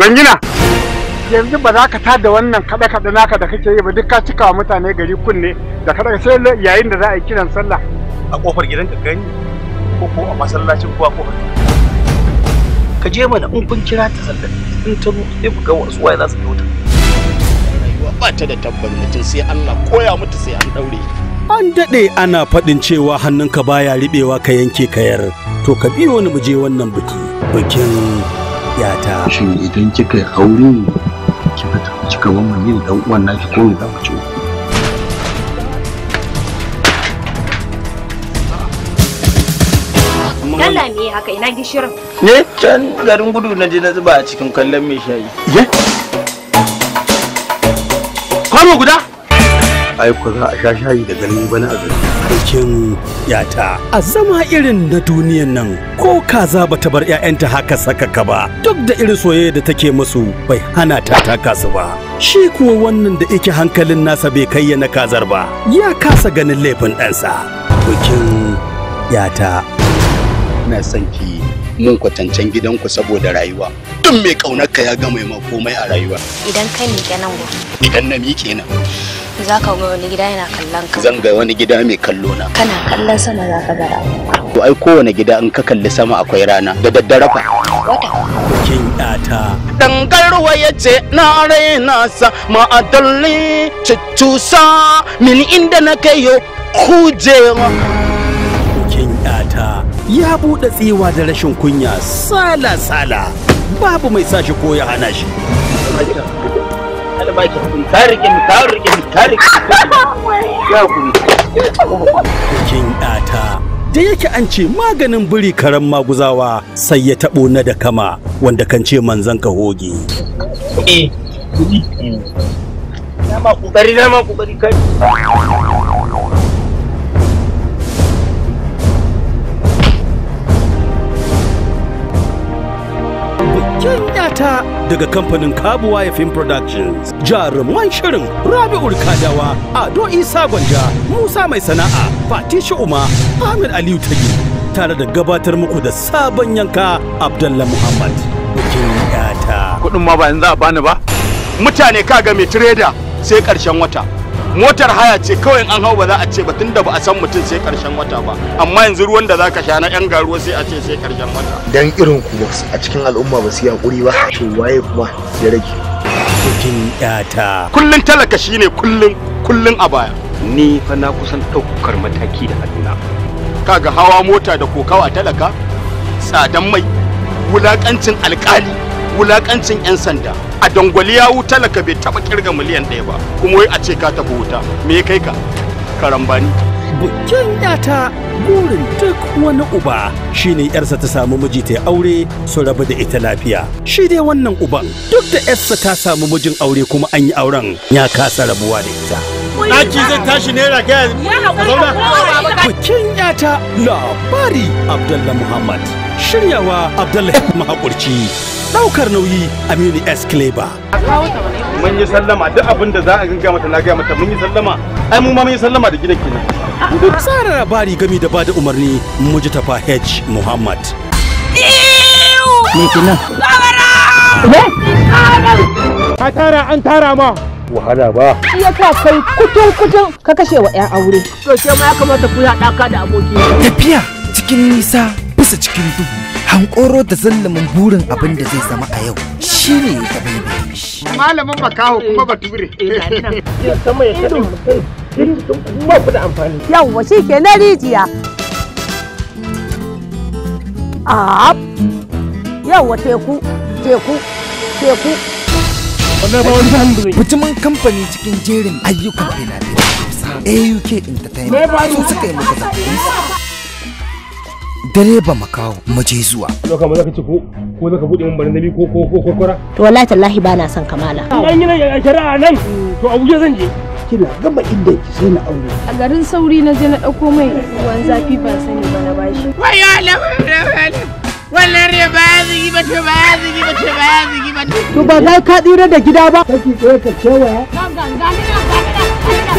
Zangina! Yanzu ba za ka ta da wannan kaɗe-kaɗe naka da kake yi ba duk ka cika wa mutane gari kunne da kaɗe sai yayin da za a yi kiran sallah. A ƙofar gidan ka gani ko ko a masallacin kuwa ko Ka je mana in kun kira ta sallar in ta zo sai ku ga wasu waye za su kyauta. Rayuwa ba ta da tabbas mutum sai Allah koya mutu sai an daure. An daɗe ana faɗin cewa hannunka baya riɓewa ka yanke kayar to ka biyo ni mu je wannan biki. Bikin yata shin idan kika yi aure kika tafi kika mamma ni da uwan naki ko me za ku ci Allah me haka ina gishirin ne can garin gudu na je na zuba a cikin kallon mai shayi ye kwano guda aiko za a sha shayi da gani bana a gari aikin yata a zama irin na duniyan nan ko kaza bata bar 'ya'yanta haka sakaka ba duk da irin soyayya da take musu bai hana ta taka su ba shi kuwa wannan da yake hankalin nasa bai kai na kazar ba ya kasa ganin laifin ɗansa bikin yata Ina son ki mun kwatancen gidanku saboda rayuwa duk mai kaunarka ya gama ma komai a rayuwa idan kai miƙe nan wa. idan na miƙe nan za ka ga wani gida yana kallon ka zan ga wani gida mai kallo na kana kallon sama za ka gara to ai kowane gida in ka kalli sama akwai rana da daddare fa wata kin yata dangarwa yace na raina sa ma'adalli cucusa min inda na kai yo kujewa kin ta ya buɗe tsewa da rashin kunya sala sala babu mai sa shi ko ya hana shi Bikin ɗata da yake an ce maganin biri karen maguzawa sai ya taɓo na da kama wanda kan ce manzan ka hoge eh hmm. na ma na ma kai ta daga kamfanin kabuwa ya film productions jaruman shirin rabi'ul kadawa ado isa gwanja musa mai sana'a fatishi uma ahmed aliyu tagi tare da gabatar muku da sabon yanka abdallah muhammad bikin yata kudin ma ba yanzu a bani ba mutane kaga mai tireda sai karshen wata motar haya ce kawai an hau ba za a ce ba tunda ba a san mutum sai karshen wata ba amma yanzu ruwan da zaka sha na yan garuwa sai a ce sai karshen wata dan irin ku a cikin al'umma ba su yakuri ba to waye kuma ya rage cikin yata kullun talaka shine kullun kullun a baya ni fa na kusan ɗaukar mataki da hannuna kaga hawa mota da kokawa talaka tsadan mai wulakancin alkali wulakancin 'yan sanda a dangwali ya wuta laka bai taba kirga miliyan ɗaya ba kuma wai a ce ka tafi wuta me ya kai ka karambani bukin yata burin duk wani uba shine yarsa ta samu miji ta aure su rabu da ita lafiya shi dai wannan uban duk da yarsa ta samu mijin aure kuma an yi auren ya kasa rabuwa da ita ɗaki zai tashi ne raga zauna bukin yata labari Abdullahi muhammad shiryawa Abdullahi mahaƙurci daukar nauyi aminu s kleba mun yi sallama duk abin da za a ganga mata na gaya mata mun yi sallama ai mu ma mun yi sallama da gidan kenan tsara labari gami da bada umarni mujtafa h muhammad me tara an tara ma wahala ba ya sa kai kutun kutun ka kashe wa 'yan aure to ke ma ya kamata ku haɗa ka da aboki tafiya cikin nisa bisa cikin duhu hankoro da zallumin burin abin da zai zama a yau shi ne ya taɓa shi. Malamin makaho kuma bature. Yawwa shi ke na rijiya. Ab. Yawwa teku, teku, teku. Mutumin kamfani cikin jerin ayyukan fina-finai. AUK Entertainment su suka yi maka zafi dare ba mu je zuwa to kamar zaka ci ko ko zaka bude min barin dabi ko ko ko kokora to wallahi tallahi bana son kamala an yi shari'a nan to abuja zan je kina gaba inda ki sai na aure a garin sauri na je na dauko mai ruwan zafi ba sani ba na bashi wayo wannan ba ya zigi ba to ba ya zigi ba to ba zigi ba to ba za ka tsira da gida ba kake tsaye ka cewa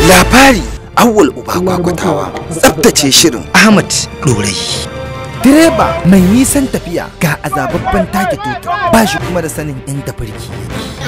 labari awwal uba kwakwatawa tsabtace shirin ahmad dorai direba mai nisan tafiya ga azababban take tutu ba shi kuma da sanin inda birki yake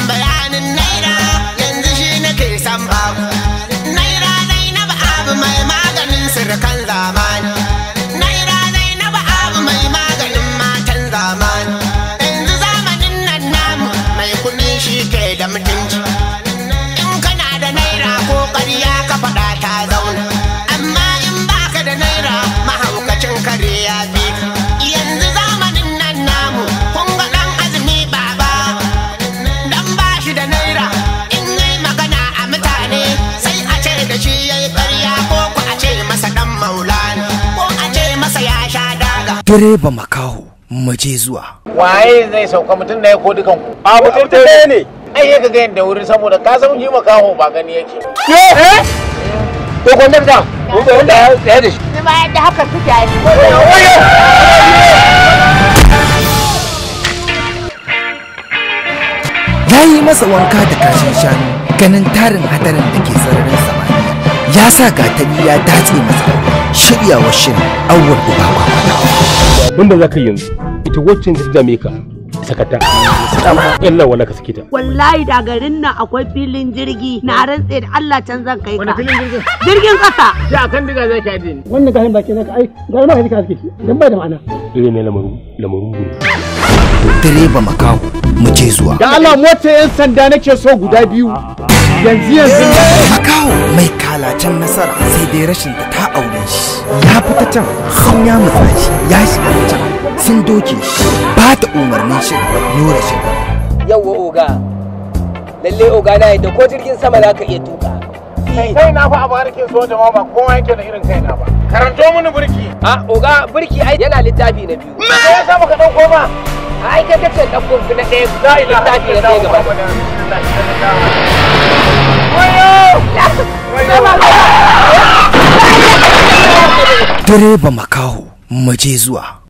direba makaho maje zuwa waye zai sauka mutum da ya ko dukan ku a mutum ta ne ai ya ga da wuri saboda ka san ji makaho ba gani yake ke eh to gwamnati da wanda ya da shi ni ma yadda haka kuke ya yi masa wanka da kashin shanu ganin tarin hadarin da ke sararinsa ya sa gatari ya datse masa shiryawa shin awwal uba ba mun da za ka yanzu ita wacce ta dame ka sakata yalla wala ka sakita wallahi da garin nan akwai filin jirgi na rantse da Allah can zan kai ka filin jirgin jirgin kasa ya kan diga zai kai din wannan garin baki naka ai garin ba kai ka aski dan bai da ma'ana dole ne lamarin lamarin ba makaho mu je zuwa da Allah mota yan sanda nake so guda biyu yanzu yanzu makaho mai kalacen nasara sai dai rashin da ta aure shi ya fita can sun ya mutsa shi ya shiga can sun doke shi ba ta umarnin shi nura shi yawwa oga lalle oga na yadda ko jirgin sama za ka iya tuka kai na fa a barkin soja ma ba kowa yake da irin kai na ba karanto mini burki a ah, oga burki ai yana littafi na biyu me yasa baka dan koma? ai ka kace ɗauko su na ɗaya za a tafi da ɗaya gaba Direba makaho maje zuwa.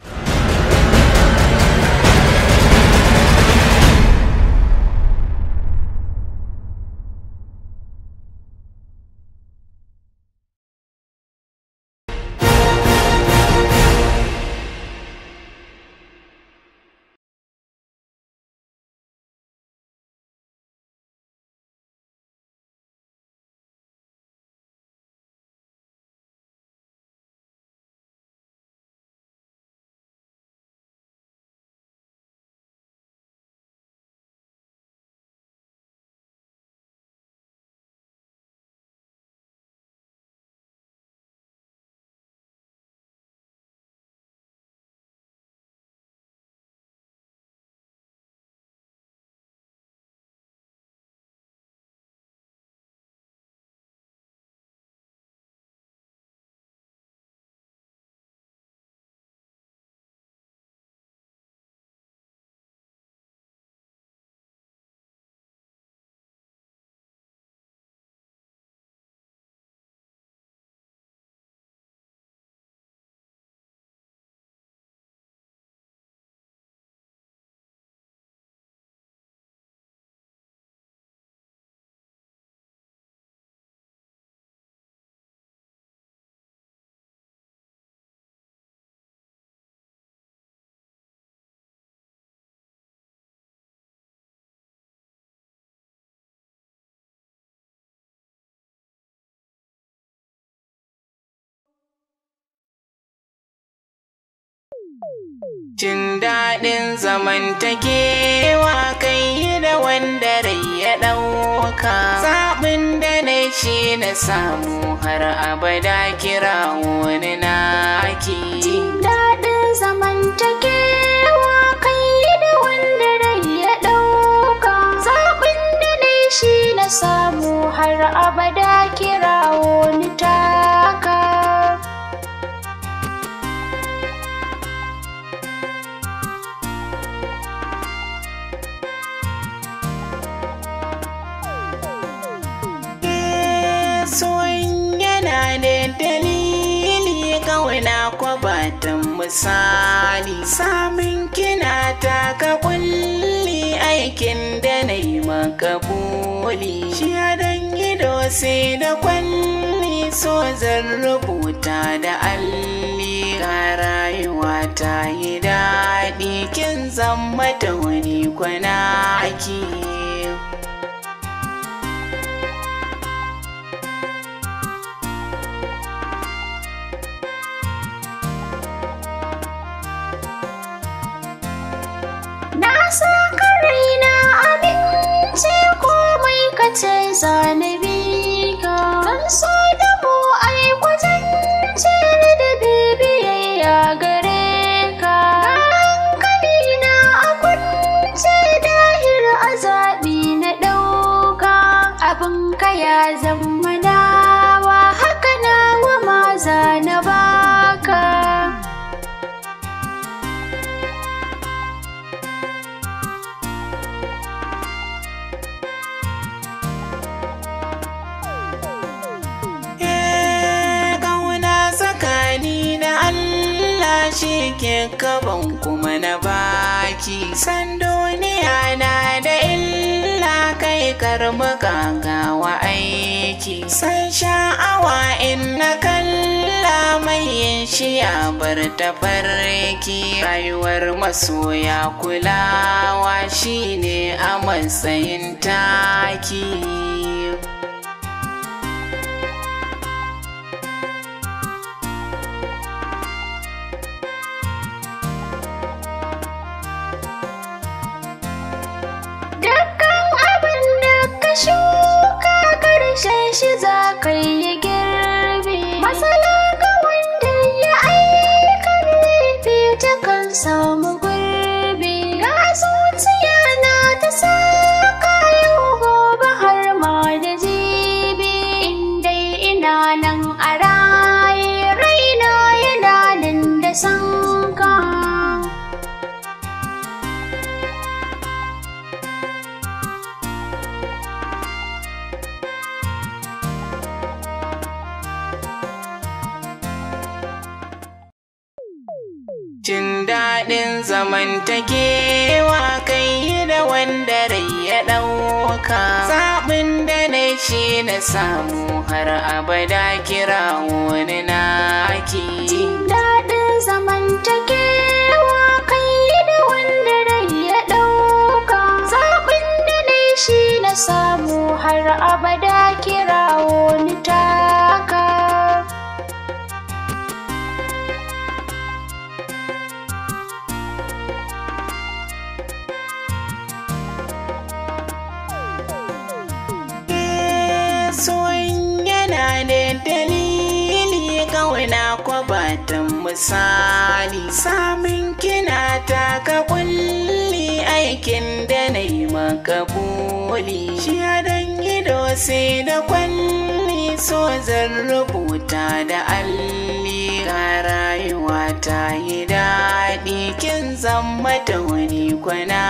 Jin daɗin zamantakewa kai yi da wanda rai ya ɗauka. Zaɓin da na shi na samu har abada kira wani naki. Jin daɗin zamantakewa kai yi da wanda rai ya ɗauka. Zaɓin da na shi na samu har abada Sali, samun kina ta ka kulli aikin da na yi maka boli shi dan gido sai da kwalli so zan rubuta da alli a rayuwa ta yi daɗi kin zama da wani kwanaki kaban kuma na baki san duniya na da illa kai karbi gagawa aiki san sha'awa in na kalla mai yin shi a bar ta farki rayuwar masoya kulawa shine a matsayin taki Masala ga wanda ya aika laifi ta kan samu wa kai da wanda rai ya ɗauka zaɓin da na shi na samu har abada kira wani naki dalili ƙauna kwabatan misali samun kina ta ka kulli aikin da na yi maka boli shi dan ido sai da kwalli so zan rubuta da alli ga rayuwa ta yi daɗi kin zan mata wani kwana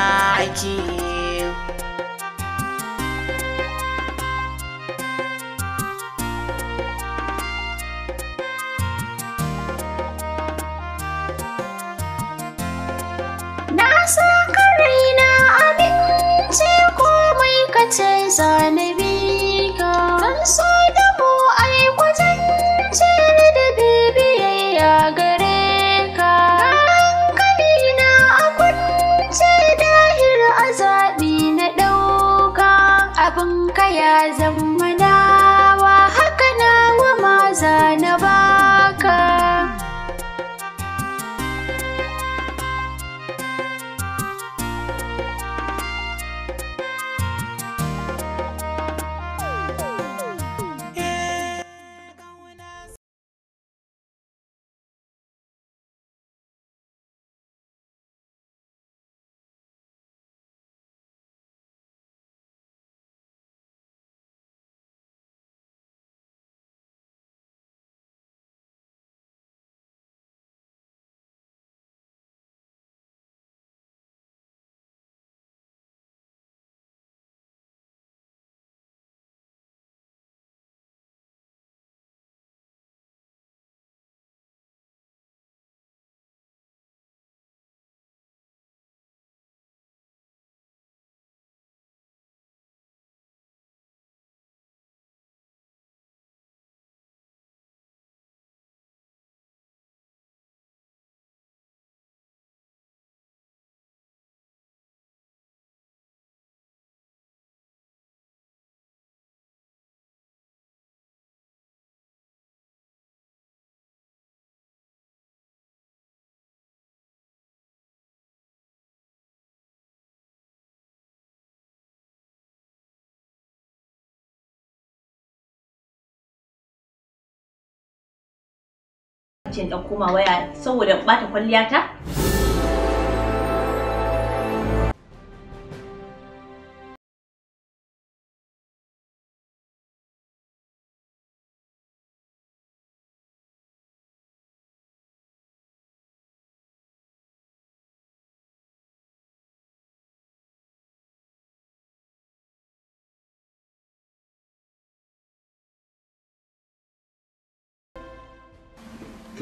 je in ɗauko waya saboda bata kwalliya ta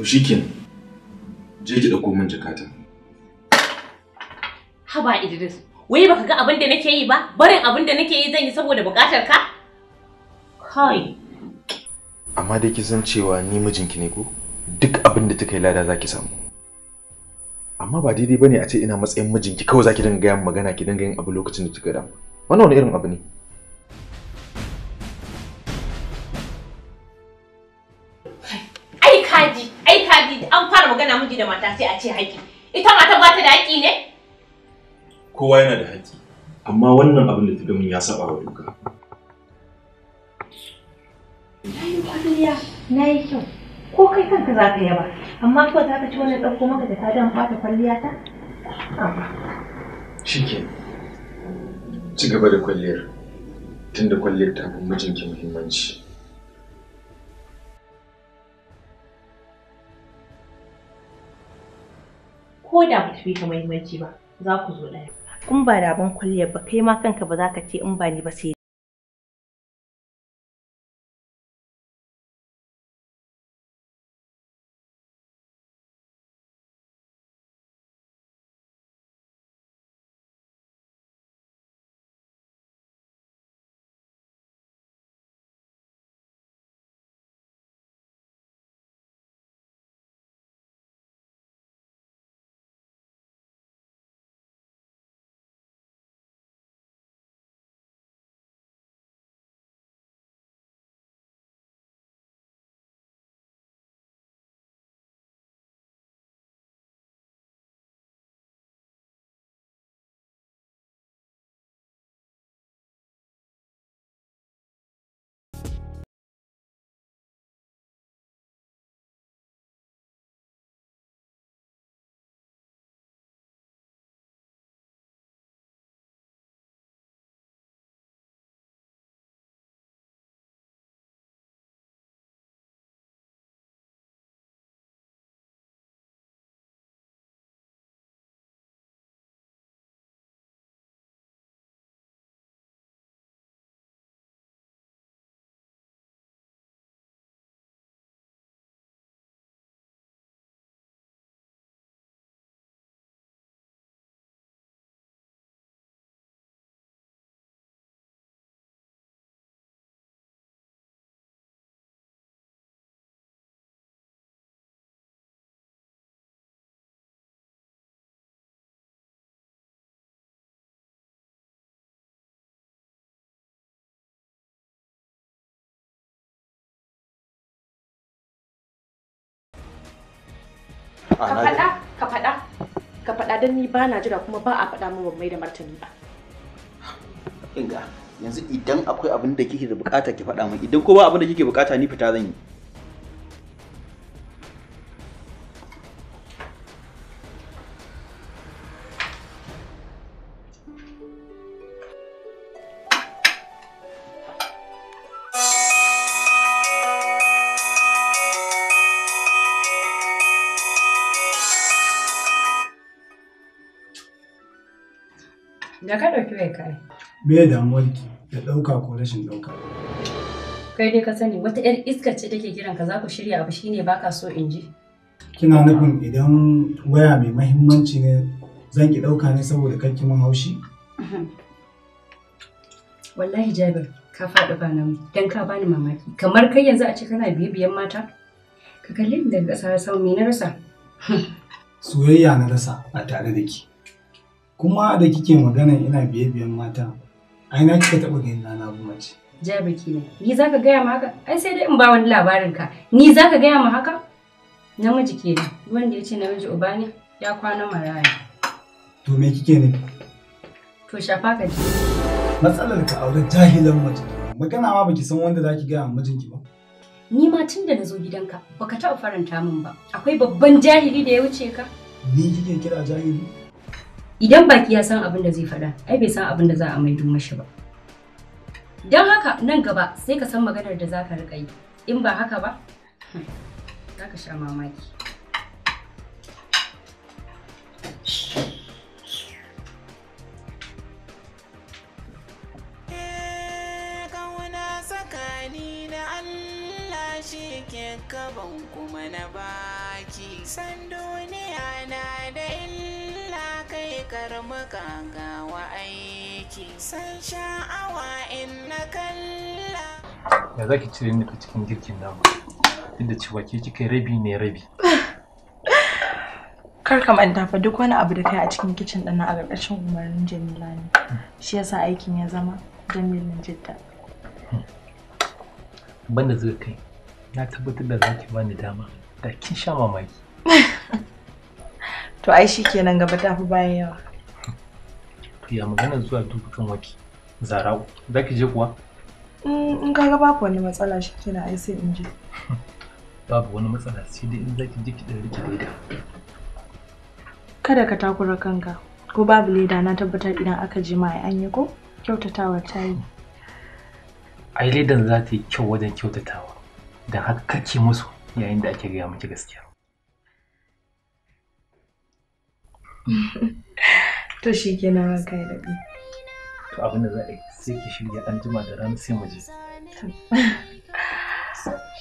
To shikin, je ki ɗauko min jakata. Haba Idris, wai baka ga abin da nake yi ba, barin abin da nake yi zan yi saboda buƙatar ka? Kai. Amma dai ki san cewa ni mijinki ne ko? Duk abin da kika lada za ki samu. Amma ba daidai bane a ce ina matsayin mijinki kawai za ki dinga gaya magana ki dinga yin abu lokacin da kika dama. Wannan wani irin abu ne? da mata sai a ce haƙƙi ita mata ba ta da haƙƙi ne kowa yana da haƙƙi amma wannan abin da ta min ya saba wa duka na yi kwalliya na yi kyau ko kai kanka za ka yaba amma ko za ka ci wannan ɗauko maka da ta dan ɓata kwalliya ta shike ci gaba da kwalliyar tunda kwalliyar ta fi mijinki muhimmanci ko da ba fi ka mahimmanci ba za ku zo ɗaya. In ba da ban kulle ba kai ma kanka ba za ka ce in ba ni ba sai ka faɗa ka faɗa ka faɗa don ni ba na jira kuma ba a faɗa min mai da martani ba yanzu idan akwai abin da kike da bukata ki faɗa min idan ko ba abin da kike bukata ni fita zan yi me damuwarki da ɗauka ko rashin ɗauka. Kai dai ka sani wata 'yar iskar ce take kiran ka za ku shirya abu shine baka so in ji. Kina nufin idan waya mai mahimmanci ne zan ki ɗauka ne saboda kakki mun haushi? Wallahi Jabir ka faɗi ba nan don ka bani mamaki kamar kai yanzu a ce kana biye-biyen mata? Ka kalli daga ƙasa sau me na rasa? Soyayya na rasa a tare da ki. Kuma da kike magana ina biye-biyen mata Ai na kika taɓa ganin na bu mace. baki ne. Ni zaka gaya ma haka? Ai sai dai in ba wani labarin ka. Ni zaka gaya ma haka? Namiji ke wanda ya ce namiji uba ne ya kwana maraya. To me kike ne? To shafa ka ji. Matsalar ka aure jahilan mace. Magana ma baki san wanda zaki gaya ma mijinki ba. Ni ma tun da na zo gidanka baka taɓa faranta min ba. Akwai babban jahili da ya wuce ka. Ni kike kira jahili? Idan baki ya san abin da zai faɗa, ai bai san abin da za a maido mashi ba. Don haka nan gaba sai ka san maganar da za ka riƙa yi, in ba haka ba, za ka sha mamaki. Kaban kuma na baki san duniya na da illa. kar magagawa aiki san sha'awa in na kalla ya zaki cire ni cikin girkin namu inda cewa ke kika rabi ne rabi kar ka manta fa duk wani abu da kai a cikin kicin ɗin a gargashin umarnin Jamila ne hmm. shi yasa aikin ya zama Jamilin Jidda hmm. banda zai kai na tabbatar da zaki bani dama da kin sha mamaki to ai shi kenan gaba ta fi bayan yawa to ya magana zuwa kan waki zarau za ki je kuwa in ka ga babu wani matsala shi kenan ai sai in je babu wani matsala sai dai in za ki je ki dan rike leda kada ka takura kanka ko babu leda na tabbatar idan aka je ma an yi ko kyautatawa ta yi ai ledan za ta yi kyau wajen kyautatawa don haka kake musu yayin da ake gaya miki gaskiya to shi ke nan ranka ya daɗe to abinda za a yi sai ki shirya an jima da ran sai mu je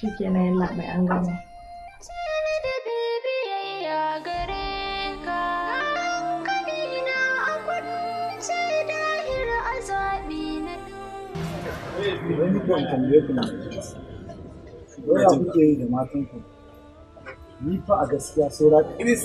shi nan yalla mai an gama Wani kwan tambaye ku na Dora kuke yi da matanku. Ni fa a gaskiya saura kiris.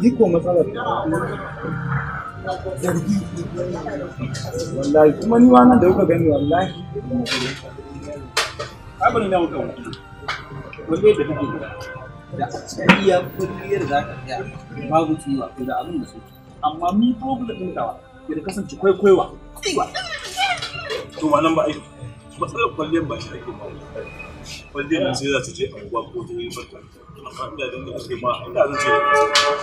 yi ko wallahi kuma ni wannan da kuka gani wallahi abin da muka wani da da kulliyar za ka babu ko da abin da su amma mi ya kasance kwaikwaiwa to wannan ba aiki matsalar kwalliyar ba shi ake ba kwalliyar nan sai za ta je anguwa ko ta yi barka amma ina ganin ake ma ina zan ce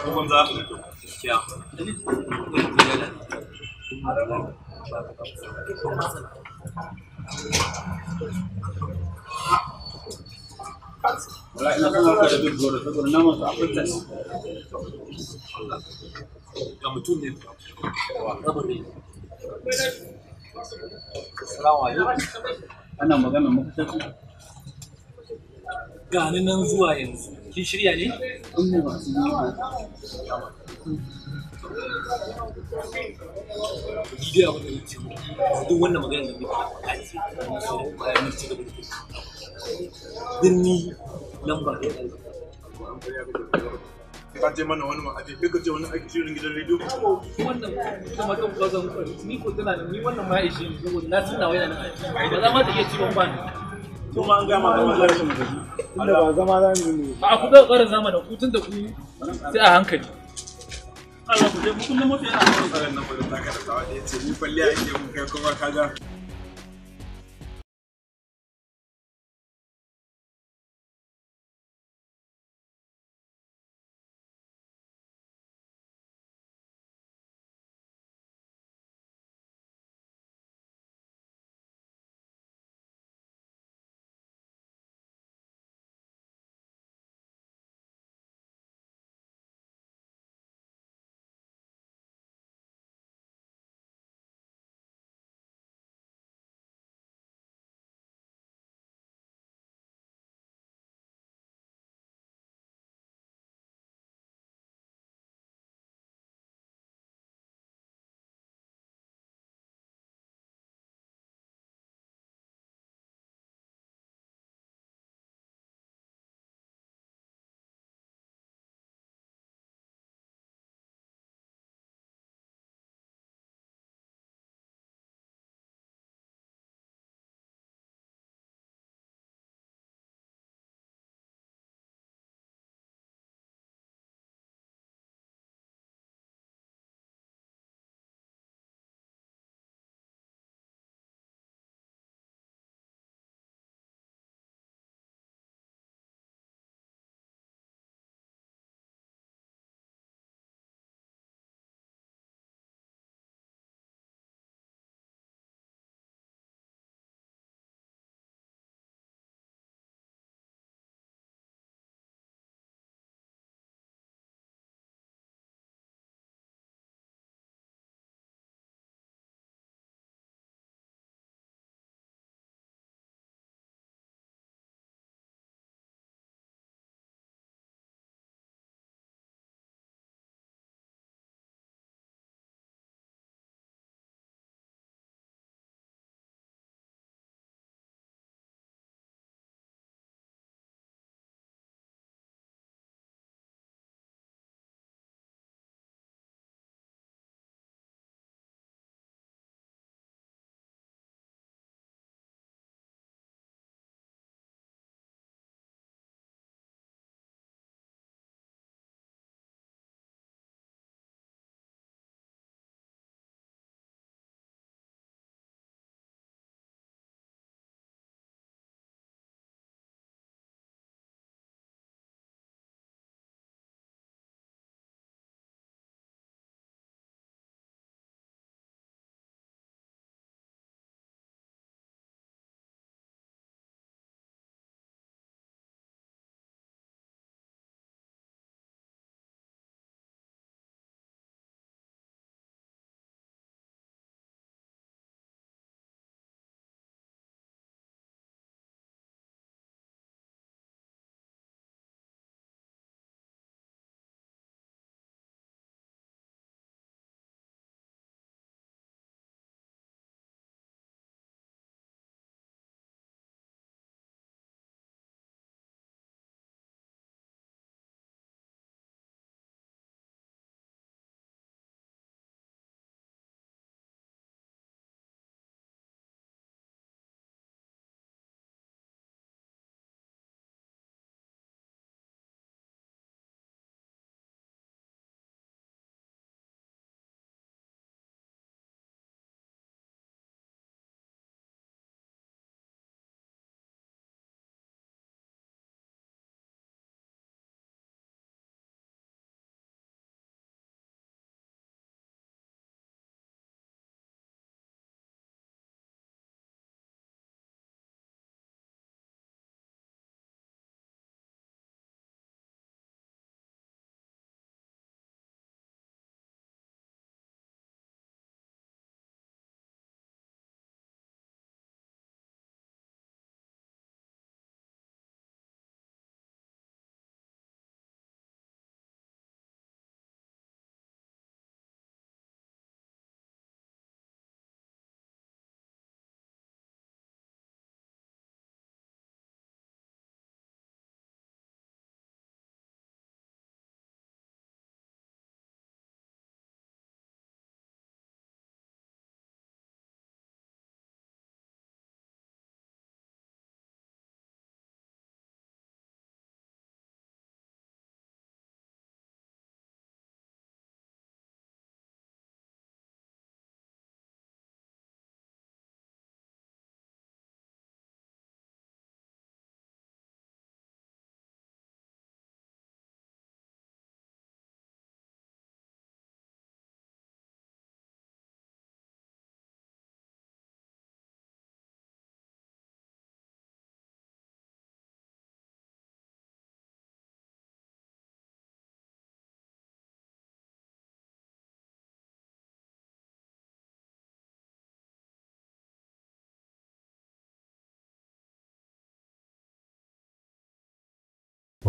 kuma za ka rike kiya wala ina kuma ka da duk gore saboda na masu afirka ne ga mutum ne ba rabu ne Assalamu alaikum. Ana magana makusanci. Gani nan zuwa yanzu. Kin shirya ne? An ba su Gidi abin da yake duk wannan magana da muke kace su bayan mun ci gaba da shi. Birni lamba da ka je mana wani ma'aji kai ka je wani aiki shirin gidan rediyo ka wannan kuma kan kwazon ni ko tana ni wannan ma ishe ni saboda na tuna wai nan ba za ma ta iya ciwon ba to ma an ga ma ba za mu gaji ba zama za mu yi a ku ga ƙarin zama da ku tun da ku sai a hankali Allah ku je ku kullum mutu yana da tsarin nan ba da taka da tawa da yace ni falle ake mun kai kuma kaga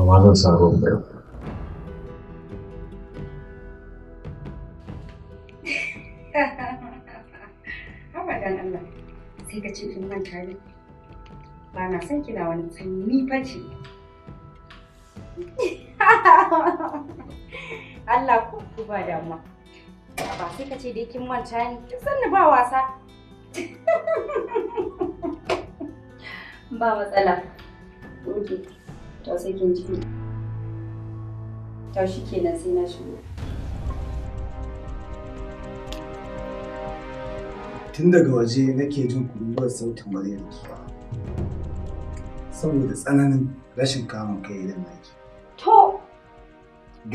ba ma zan sa ruwan ba Abadan Allah sai ka ce in manta ne ba na son kina wani sanyi fa ce. Allah ku ku ba damuwa. Ba sai ka ce dai kin manta ni kin sanni ba wasa. ba matsala. Okay. to sai kin ji to shi kenan sai na shigo tun daga waje nake jin kururuwar sautin Maryam muryarki saboda tsananin rashin kamun kai idan naki to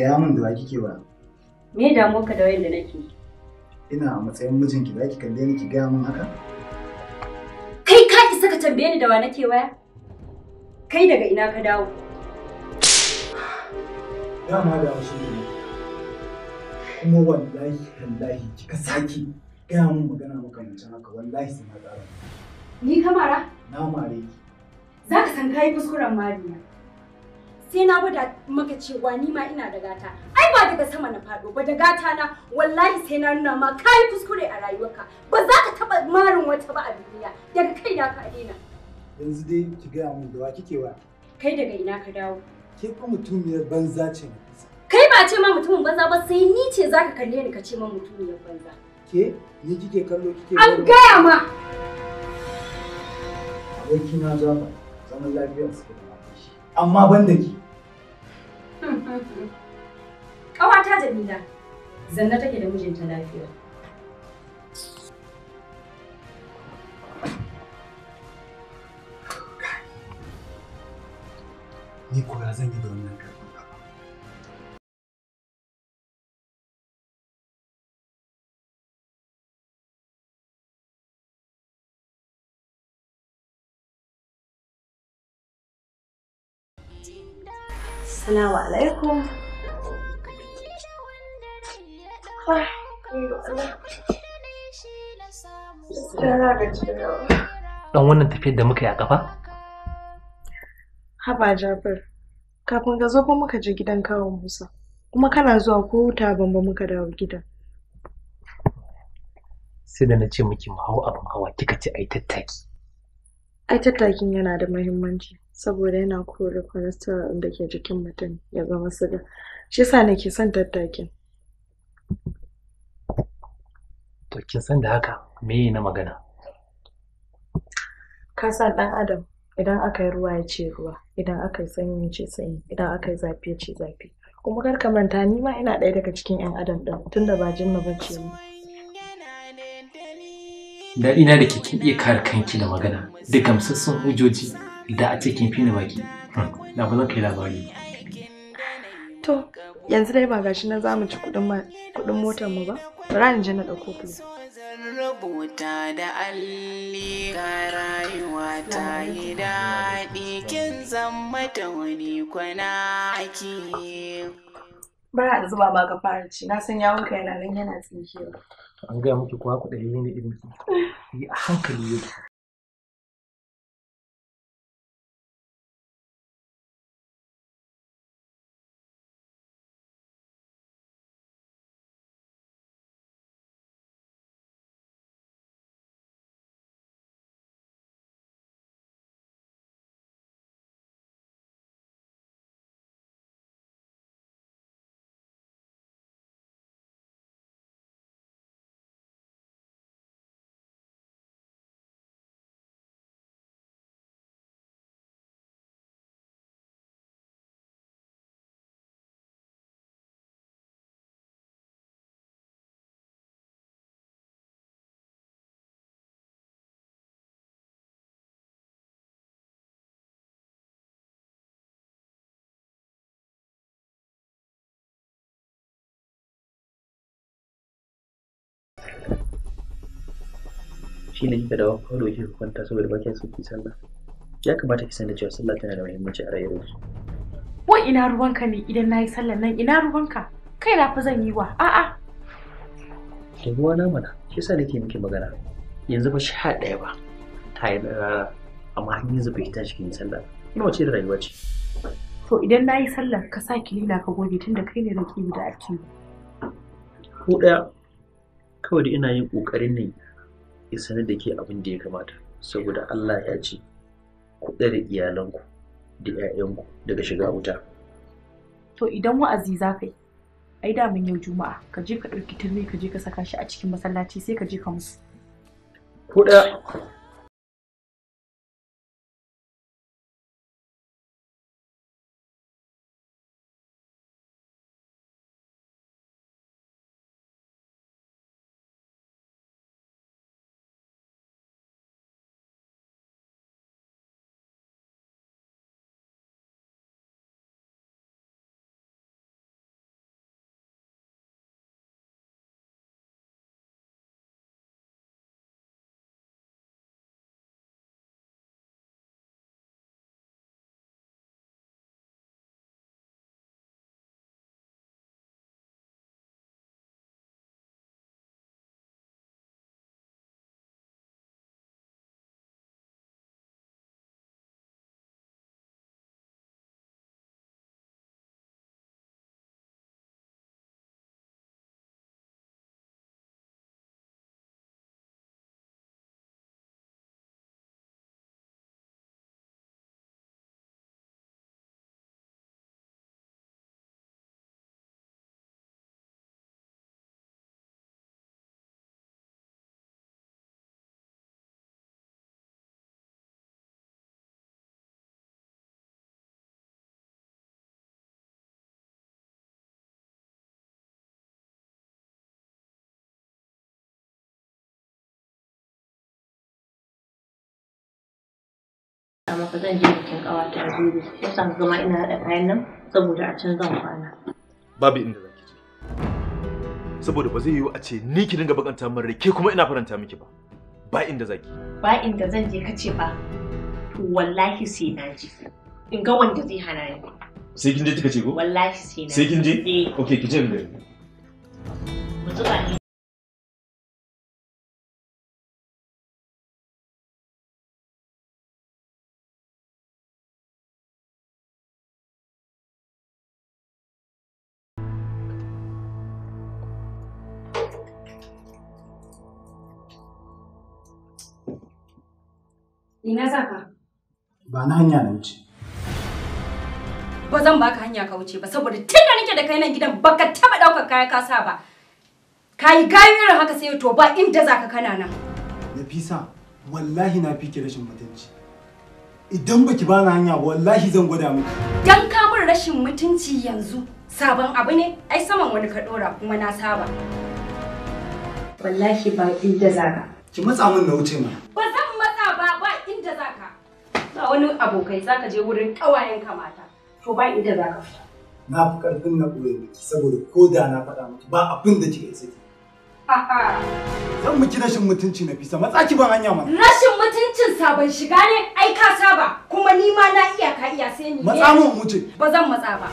gaya min da wa kike ba me damuwa ka da wayan da nake ina a matsayin mijinki za ki kalle ni ki gaya min haka kai ka ki saka tambayeni ni da wa nake waya Kai daga ina ka dawo? Dama da wasu ne. Kuma wallahi wallahi kika saki gaya mun magana makamancin haka wallahi sai na tsara. Ni ka mara? Na mare ki. Za ka san kayi kuskuren mariya. Sai na gwada maka cewa ni ma ina da gata. Ai ba daga sama na faɗo ba da gata na wallahi sai na nuna ma kayi kuskure a rayuwarka. Ba za ka taɓa marin wata ba a duniya daga kai na ka daina. yanzu dai ki gaya mun da wa kike wa kai daga ina ka dawo ke fa mutumiyar banza ce na kai ba ce ma mutumin banza ba sai ni ce zaka kalle ni ka ce ma mutumiyar banza ke ni kike kallo kike an gaya ma aboki na zama zaman lafiya su amma ban da ki kawata jamila zanna take da mijinta lafiya ni koya zan yi da wannan karfin nawa Assalamu alaikum. Ah, Dan wannan tafiyar da muka yi a kafa? Haba Jafar, kafin ka zo fa muka je gidan kawun Musa, kuma kana zuwa ko wuta ban ba muka dawo gida. Sai da na ce miki mu hau abin hawa kika ce ai tattaki. Ai tattakin yana da muhimmanci saboda yana kore cholesterol da ke jikin mutum ya zama siga. Shi yasa nake son tattakin. To kin san da haka meye na magana? Ka san ɗan Adam idan aka yi ruwa ya ce ruwa idan aka yi sanyi ya ce sanyi idan aka yi zafi ya ce zafi kuma kar ka manta ni ma ina ɗaya daga cikin 'yan adam ɗin tunda ba jinna ba ce mu daɗi na da kin iya kare kanki da magana da gamsassun hujjoji da a cikin fina baki na hmm, ba zan kai labari to yanzu dai ba gashi na za mu ci kuɗin motar mu ba bara ni je na ɗauko kuɗi rubuta da alli ga rayuwa ta yi daɗi kin zama da wani kwana ake bara da zuba ba ka fara ci na san yawon kai nan yana tsinkewa an gaya muke kuwa ku ɗari ne irin ki yi a hankali yau shine kika dawo kawai kika kwanta saboda ba kya so ki sallah ya kamata ki san cewa sallah tana da muhimmanci a rayuwar ki wai ina ruwanka ne idan nayi sallah nan ina ruwanka kai na fa zan yi wa a'a ke ruwa na mana shi yasa nake miki magana yanzu ba sha ɗaya ba ta yi rana amma har yanzu bai tashi kin sallah ina wace da rayuwa ce to idan nayi sallah ka sa lila ka gobe tunda kai ne rakibi da ake ko ɗaya kawai da ina yin ƙoƙarin ne ya sanar da ke abin da ya kamata saboda Allah ya ce ku ɗare iyalanku da 'ya'yanku daga shiga wuta to idan wa'azi za ka yi ai damin yau juma'a ka je ka ɗauki turmi ka je ka saka shi a cikin masallaci sai ka je ka musu ko ba fa zan je bikin ƙawata gobe ya sa zama ina da kayan nan saboda a can zan kwana. Babu inda zaki je. Saboda ba zai yiwu a ce ni ki dinga bakanta min rai ke kuma ina faranta miki ba. Ba inda zaki. Ba inda zan je kace ba. To wallahi sai na je. In ga wanda zai hana ni. Sai kin je kika ce ko? Wallahi sai na. Sai kin je? Eh. Okay ki je mu gani. Mutuba Ina za ka? Ba na hanya na wuce. Ba zan baka hanya ka wuce ba saboda tun da nake da kai nan gidan baka taba daukar kaya ka saba ba. Ka yi haka sai to ba inda za ka kana nan. Nafisa, wallahi na fike rashin mutunci. Idan baki ba na hanya ba wallahi zan gwada miki. Dan ka mun rashin mutunci yanzu sabon abu ne ai saman wani ka dora kuma na saba. Wallahi ba inda za Ki matsa min na wuce mana. wani abokai za ka je wurin ƙawayen kamata to ba inda za ka fita. Na fi ƙarfin na ɓoye miki saboda ko da na faɗa miki ba abin da kika isa ki. Zan miki rashin mutunci na fisa matsa ki ban hanya mana. Rashin mutuncin sabon shiga ne ai ka saba kuma ni ma na iya ka iya sai ni. Matsa mun wuce. Ba zan matsa ba.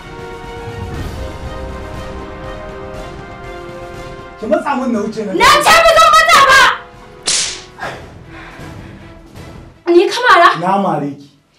Ki matsa mun na wuce na. Na ce ba zan matsa ba. Ni kamara? Na mare ki.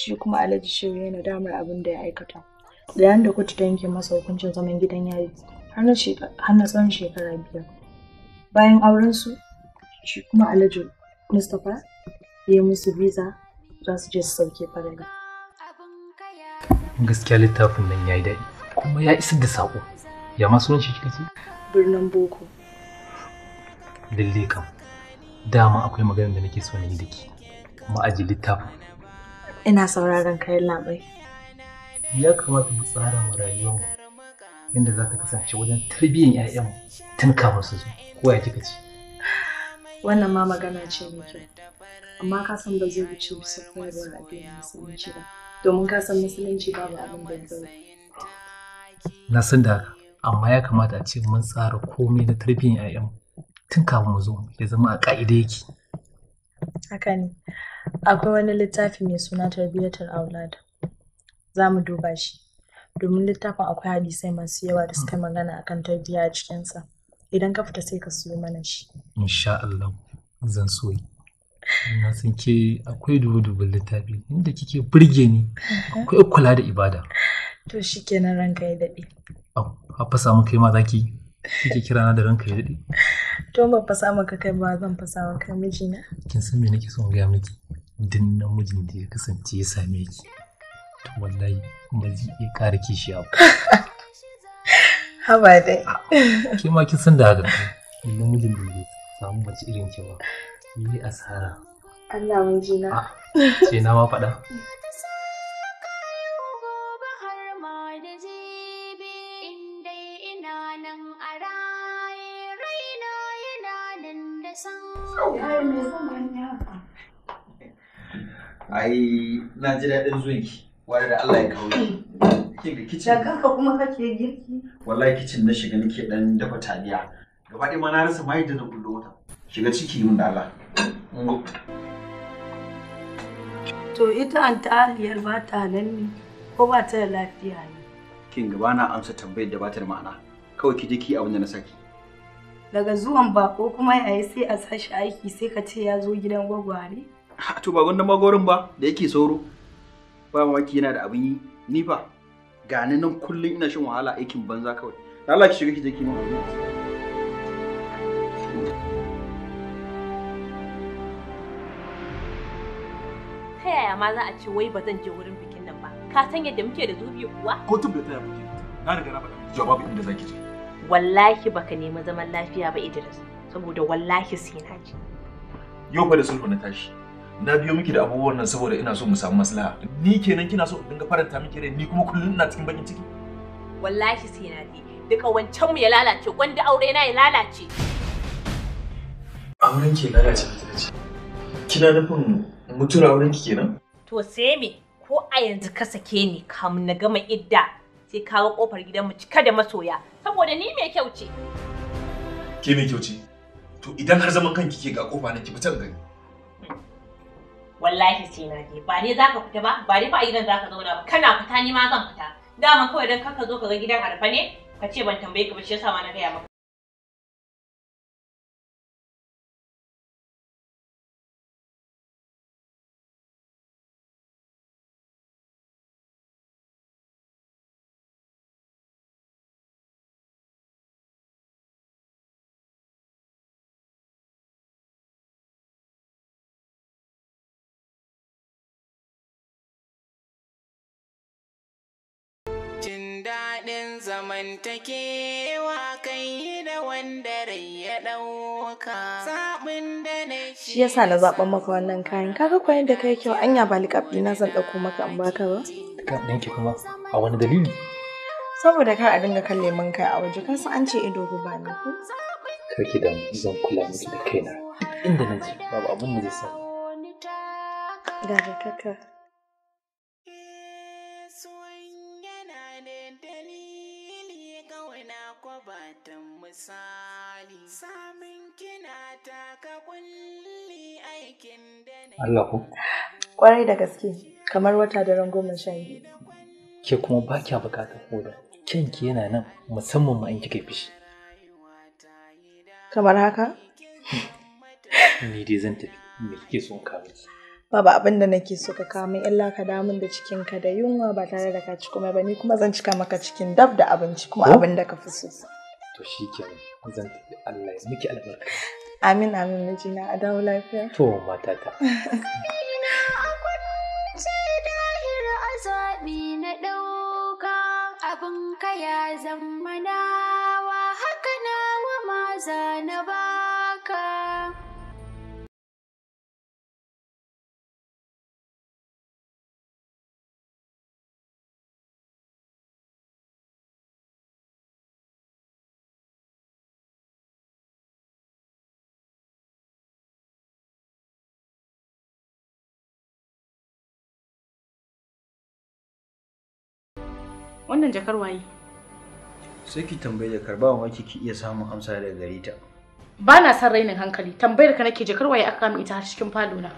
shi kuma alhaji shehu yana damar abin da ya aikata da yanda da kotu ta yanke masa hukuncin zaman gidan yari har na tsawon shekara biyar bayan aurensu shi kuma alhaji mustapha ya yi musu visa za su je su sauke farare. gaskiya littafin nan ya yi daɗi kuma ya isar da saƙo ya ma sunan shi kika ce birnin boko lalle kam dama akwai magana da nake so na yi da ke kuma littafin Ina sauraron kayan labai. Ya kamata mu tsara wa rayuwa mu yadda za ta kasance wajen tarbiyyar 'ya'yan tun kafin su zo. Ko ya kika ce? Wannan ma magana ce mai kyau. Amma ka san ba zai wuce su wasu da addinin musulunci ba. Domin ka san musulunci babu abin da zai. Na san da haka. Amma ya kamata a ce mun tsara komai na tarbiyyar 'ya'yan tun kafin mu zo ya zama a ƙa'ida yake. Haka ne. akwai wani littafi mai suna tarbiyyatar aulad za mu duba shi domin littafin akwai hadisai masu yawa da suka magana akan tarbiyya a cikinsa idan ka fita sai ka siyo mana shi insha Allah zan so na ke akwai dubu dubu littafi inda kike burge ni akwai kula da ibada to shi kenan ranka ya daɗe a fasa muka kai ma zaki kike kira na da ranka ya daɗe to ba fasa maka kai ba zan sa maka kai mijina kin san me nake son gaya miki din mijin da ya kasance ya same ki to wallahi ba zai iya kara kishi abu haba dai ke ma kin san da haka din mijin da ya samu mace irin ki ba yi asara Allah mijina ah, ce na ma faɗa ai na ji daɗin zuwanki wani da Allah ya kawo ki kicin da kanka kuma kake girki wallahi kicin na shiga nake dan dafa taliya gaba ɗaya ma na rasa mai da na bullo wata shiga ciki yin da Allah to ita an taliyar ba ta nan ne ko ba ta da lafiya ne kin gaba na amsa tambayar da ba ta da ma'ana kawai ki je ki abin da na saki daga zuwan bako kuma yayi sai a sashi aiki sai ka ce ya zo gidan gwagware to ba gwanda magorin ba da yake sauro ba mamaki yana da abin yi ni fa ga ni nan kullum ina shan wahala aikin banza kawai Allah ki shiga ki je ki mun ta yaya ma za a ce wai ba zan je wurin bikin nan ba ka san yadda muke da zubi kuwa ko tun da ta yaya muke na riga na faɗa jawabi inda zaki je wallahi baka nemi zaman lafiya ba Idris saboda wallahi sai na ji yau fa da sulhu na tashi na biyo miki da abubuwan nan saboda ina so mu samu maslaha ni kenan kina so in dinga faranta miki rai ni kuma kullun ina cikin bakin ciki wallahi sai na je duka wancan mu ya lalace gwanda aure na ya lalace auren ke lalace ki kina nufin mutura auren ki kenan to sai me ko a yanzu ka sake ni kam na gama idda sai kawo kofar gidan mu cika da masoya saboda ni mai kyau ce ke mai kyau ce to idan har zaman kanki ke ga kofa na ki fita gani wallahi sai na je ba ne za ka fita ba ba ne ba a gidan za ka zauna ba kana fita ni ma zan fita dama kawai don kaka zo ka ga gidan arfa ne ka ce ban tambaye ka ba shi yasa ma na gaya maka zamantakewa kan yi da wanda rai ya ɗauka sabin da na shi yasa na zaɓen maka wannan kayan kaga kwaye da kai kyau anya ba liƙaf na zan ɗauko maka in baka ba ka ɗinki kuma a wani dalili saboda kar a dinga kalle min kai a waje kan an ce ido ba ne ku. kar ki damu zan kula miki da kaina inda na ji babu abin da zai sa da kaka Allah ko? Kwarai da gaske, kamar wata daren goma sha biyu. Ke kuma ba kya bukatar hoda, kyanki yana nan musamman ma in kika fishi. Kamar haka? Ni dai zan tafi, me kike son kawo Babu abin da nake so ka kawo min illa ka damun da cikin ka da yunwa ba tare da ka ci kuma ba ni kuma zan cika maka cikin dab da abinci kuma abin da ka fi so. To shi zan tafi Allah ya miki albarka. Amin amin mijina a dawo lafiya. To matata. zaɓi na ɗauka abin kaya zammanawa haka nawa maza na ba. Wannan jakar waye? Sai ki tambayi jakar ba wani ki iya samun amsa daga gare ta. Ba na son rainin hankali. Tambayar ka nake jakar waye aka kama ita har cikin falo na.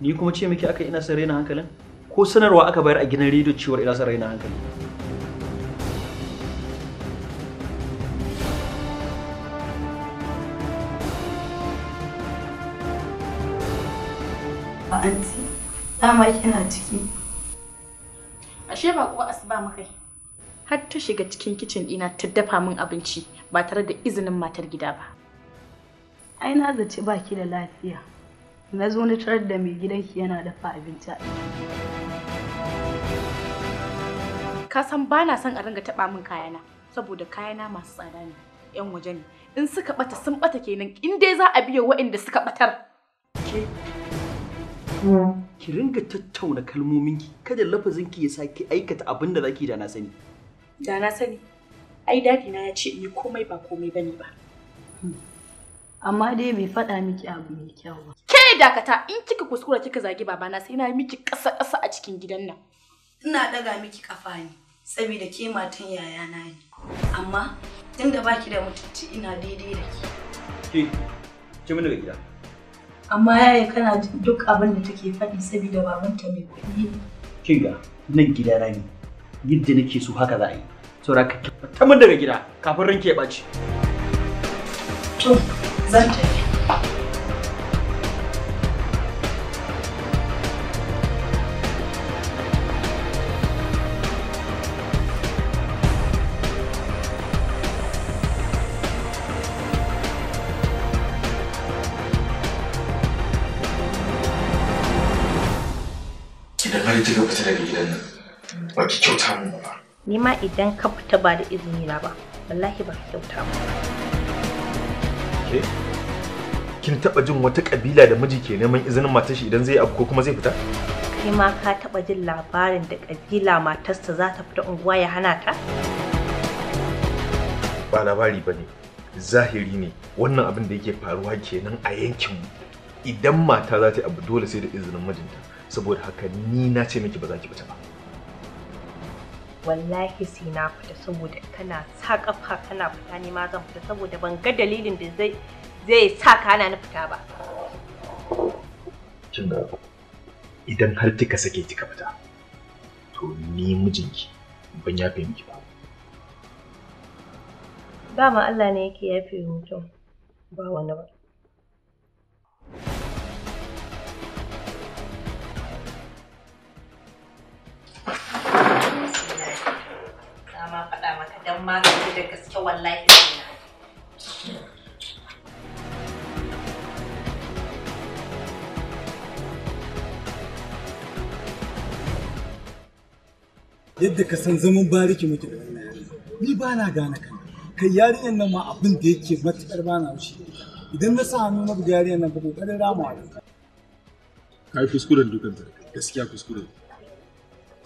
Ni kuma ce miki aka ina son rainin hankalin? Ko sanarwa aka bayar a gidan rediyo cewa ina son rainin hankali? Anti, dama kina ciki. Ashe ba kuwa asuba ba makai Har ta shiga cikin kicin dina ta dafa min abinci ba tare da izinin matar gida ba. Ai na zaci baki da lafiya. Na zo na tarar da mai gidanki yana dafa abinci a Ka san ba na son a ringa taɓa min kayana saboda kayana masu tsada ne. 'Yan waje ne. In suka ɓata sun ɓata kenan in dai za a biya waɗanda suka ɓatar. ki ringa tattauna kalmomin ki, kada ki ya sake aikata abin da zaki da na sani da na sani ai dadi na ya ce ni komai ba komai bane ba amma dai bai faɗa miki abu mai kyau ba ke dakata in kika kuskura kika zagi babana sai na miki ƙasa ƙasa a cikin gidan nan ina daga miki kafa ne saboda ke matan yayana ne amma tunda baki da mutunci ina daidai da ke ke ki mun daga gida amma yaya kana jin duk abin da take faɗi saboda babanta mai kuɗi kin ga nan gida rani yadda nake so haka za a yi saboda ka ta mun daga gida kafin ranke ya ɓaci to zan tafi kika fita daga gidan nan ba kyauta mu ba ni ma idan ka fita ba da izini na ba wallahi ba ki kyauta mu ke kin taba jin wata kabila da miji ke neman izinin matar shi idan zai abu ko kuma zai fita kai ma ka taba jin labarin da kabila matarsa za ta fita unguwa ya hana ta ba labari bane zahiri ne wannan abin da yake faruwa kenan a yankinmu idan mata za ta abu dole sai da izinin mijinta saboda haka ni na ce miki ba za ki fita ba wallahi sai na fita saboda kana sa kafa kana fita ne ma zan fita saboda ban ga dalilin da zai zai sa ka na fita ba kin ga idan har kika sake kika fita to ni mijinki ban yafe miki ba dama Allah ne yake yafe mutum ba wani ba yadda ka san zaman bariki muke da wannan ni ba na gane kana, kai yarinyar nan ma abin da yake matukar ba na wuce idan na sa hannu na buga yarinyar nan ba kokarin ramawa ka yi kuskuren dukan ta gaskiya kuskuren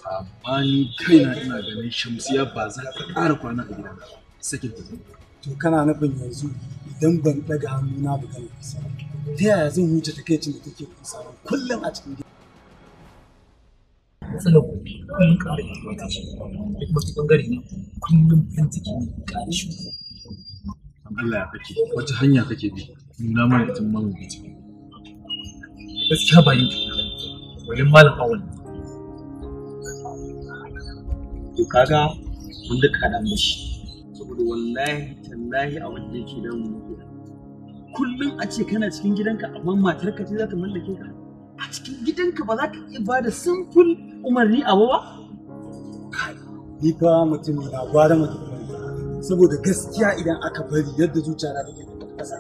amma ni kaina ina ganin shamsiya ba za ta ƙara kwana a gida sakin ta to kana nufin yanzu idan ban ɗaga hannuna ba kan kusa ta yaya zan huce takeicin da take kusa kullum a cikin gida matsalar gobe, kun ƙara yiwuwa ta ce duk wata bangare ne kullum ɗan ciki ne ƙara shi Allah ya kake wata hanya kake bi nuna mana ita mamu gaskiya ba yin wajen malam awal to kaga mun duka kaɗan mashi saboda wallahi tallahi a wanda yake da mu kullum a ce kana cikin gidanka amma matarka ce za ta mallake ka a cikin gidanka ba za ka iya ba da simple umarni a ba ni fa mutum na gwara mutum saboda gaskiya idan aka bari yadda zuciya na take kasa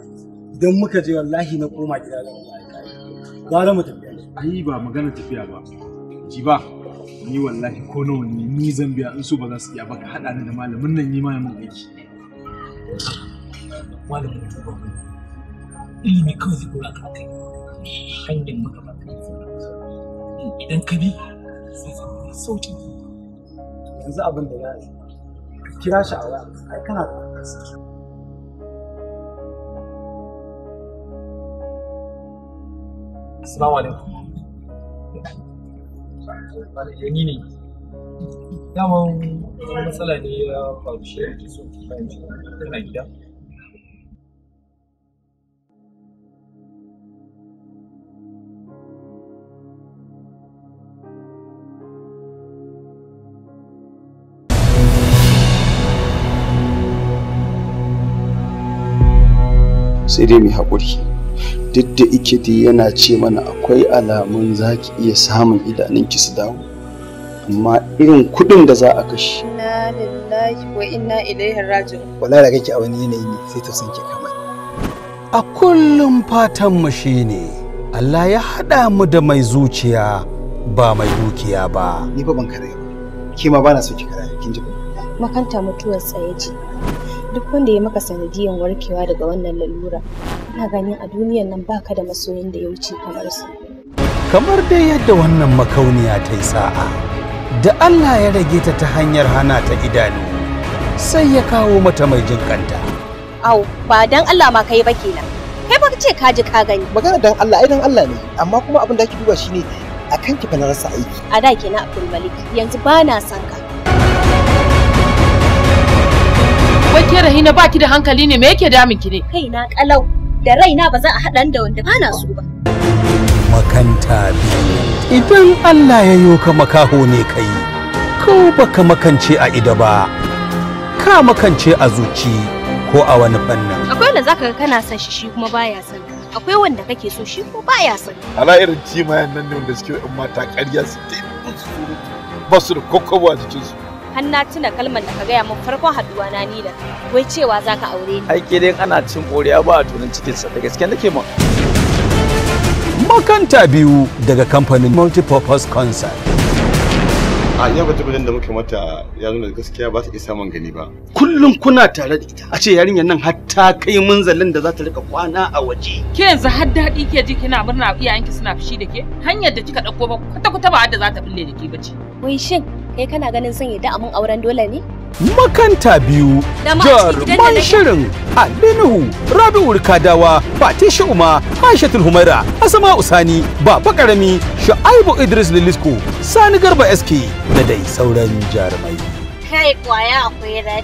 idan muka je wallahi na koma gida da wallahi gwara mutum ai ba magana tafiya ba ji ba ni wallahi ko nawa ne ni zan biya in so ba za su iya ba ka haɗa ni da malamin nan ni ma ya mun aiki malamin da ba ilimi kawai zai gora ka kai hanyar maka ba idan ka bi sai zama sauti yanzu abin da ya yi kira shi a waya ai kana da Assalamu alaikum. ni ne daman matsala ne ya faru shi yake so ki fahimci tana gida sai dai mai haƙuri duk da ike dai yana ce mana akwai alamun za ki iya samun idanunki su dawo amma irin kuɗin da za a kashe inna lillahi wa inna ilaihi raji'un wallahi da kake a wani yanayi ne sai ta sanke kamar a kullum fatan mu shine Allah ya haɗa mu da mai zuciya ba mai dukiya ba ni fa ban kare ki ma bana so ki kare kin ji makanta mutuwar tsaye ce duk wanda ya maka sanadiyan warkewa daga wannan lalura ina ganin a duniyan nan baka da masoyin da ya wuce kamar su kamar dai yadda wannan makauniya ta yi sa'a da Allah ya rage ta ta hanyar hana ta idanu sai ya kawo mata mai jin kanta au ba dan Allah ma kai ba kenan kai ba ce ka ji ka gani magana dan Allah ai dan Allah ne amma kuma abin da ake duba shine a kanki fa na rasa aiki a da kenan Abdul Malik yanzu ba na san ka Wai ke Rahina baki da hankali ne me yake damun ki ne? Kaina kalau da raina ba za a haɗa da wanda bana so ba. Makanta Idan Allah ya yo ka makaho ne kai, ko baka makance a ido ba, ka makance a zuci ko a wani fannin. Akwai wanda zaka ga kana son shi shi kuma baya son akwai wanda kake so shi ko baya son ala irin jimayen nan ne wanda suke yan mata ƙarya su ba su da kokobo a jikinsu har na tuna kalmar da ka gaya min farkon haduwa na ni da wai cewa za ka aure ni ai dai ana cin ƙoriya ba a tunan cikin sa da gaske nake ma makanta biyu daga kamfanin multipurpose concert a yau iya tabbatar da muke mata ya gaskiya ba ta isa man gani ba kullum kuna tare da ita a ce yarinyar nan har ta kai munzalin da za ta rika kwana a waje ke yanzu har daɗi ke ji kina murna iyayenki suna fushi da ke hanyar da kika ɗauko ba kwata-kwata ba da za ta bulle da ke bace wai shin kai eh, kana ganin sun yi da auren dole ne makanta biyu jarman shirin alinuhu rabi'ul kadawa fati uma aishatul humaira asama usani baba karami sha'aibu idris lilisko sani garba sk da dai sauran jarumai kai kwaya akwai ka.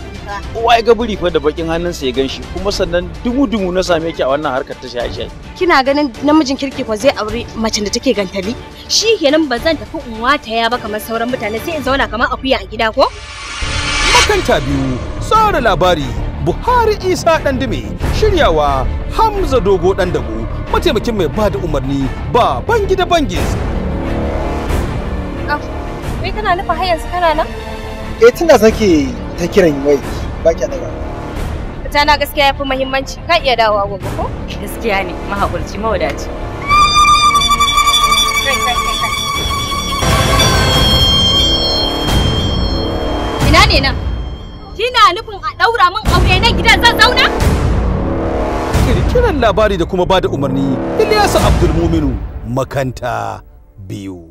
ya ga buri fa da bakin hannunsa ya gan shi kuma sannan dumu-dumu na same ki a wannan harkar ta shaye-shaye. Kina ganin namijin kirki fa zai aure macen da take gantali? Shi kenan ba zan tafi in wataya ba kamar sauran mutane sai in zauna kamar akuya a gida ko? Makanta biyu, tsara labari, Buhari Isa Dandime, shiryawa Hamza Dogo Dandago, mataimakin mai ba da umarni ba bangi da bangis. Ah, kana nufa har yanzu kana nan? eh tunda sake ta kiran wai ba ki daga fita na gaskiya yafi muhimmanci kan iya dawowa gobe ko gaskiya ne mahaƙulci mawadaci ina ne nan kina nufin a ɗaura min aure na gidan zan zauna kirkiran labari da kuma bada umarni Ilyasu Abdulmuminu makanta biyu